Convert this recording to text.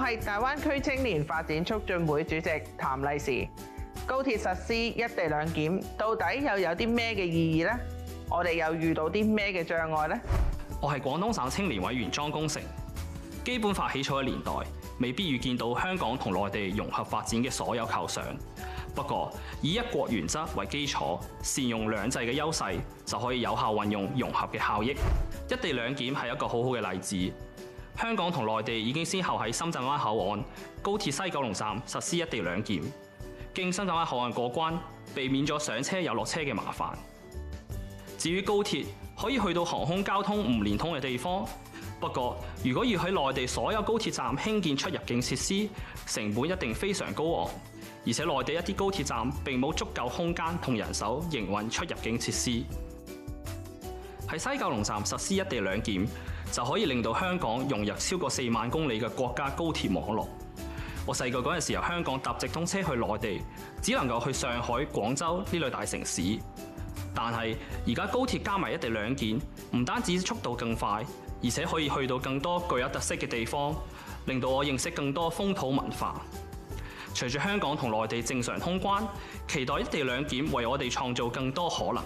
我係大灣區青年發展促進會主席譚麗時。高鐵實施一地兩檢，到底又有啲咩嘅意義呢？我哋又遇到啲咩嘅障礙呢？我係廣東省青聯委員莊功成莊恭誠。基本法起草嘅年代，未必預見到香港同內地融合發展嘅所有構想。不過，以一國原則為基礎，善用兩制嘅優勢，就可以有效運用融合嘅效益。一地兩檢係一個好好嘅例子。香港同內地已經先後喺深圳灣口岸、高鐵西九龍站實施一地兩檢，經深圳灣口岸過關，避免咗上車又落車嘅麻煩。至於高鐵可以去到航空交通唔連通嘅地方，不過如果要喺內地所有高鐵站興建出入境設施，成本一定非常高昂，而且內地一啲高鐵站並冇足夠空間同人手營運出入境設施。喺西九龍站實施一地兩檢，就可以令到香港融入超過四萬公里嘅國家高鐵網絡。我細個嗰陣時由香港搭直通車去內地，只能夠去上海、廣州呢類大城市。但係而家高鐵加埋一地兩檢，唔單止速度更快，而且可以去到更多具有特色嘅地方，令到我認識更多風土文化。隨住香港同內地正常通關，期待一地兩檢為我哋創造更多可能。